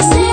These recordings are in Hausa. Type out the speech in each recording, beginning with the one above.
see.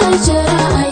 har jira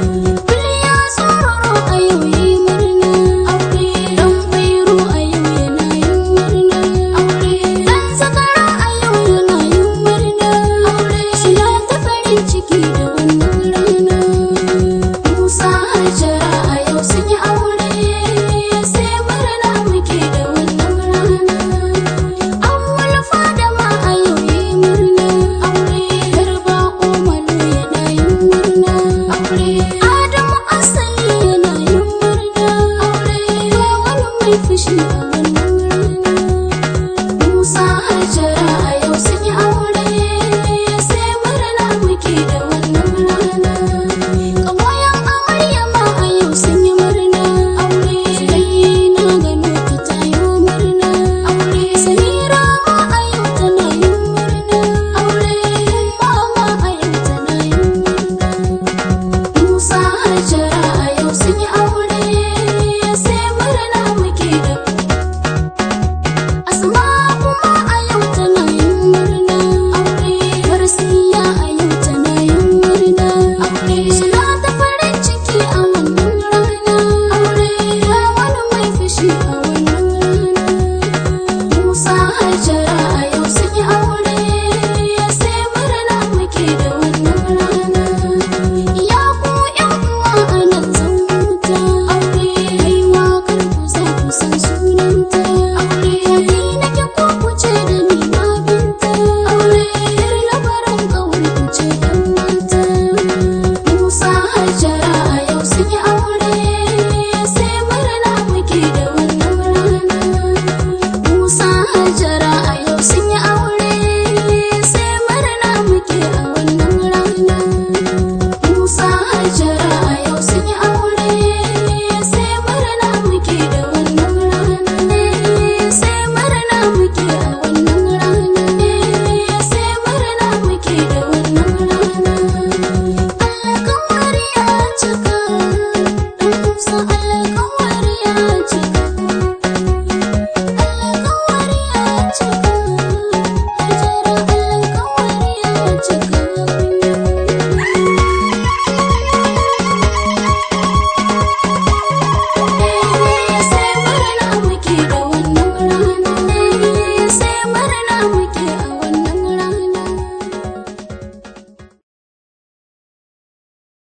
Treasure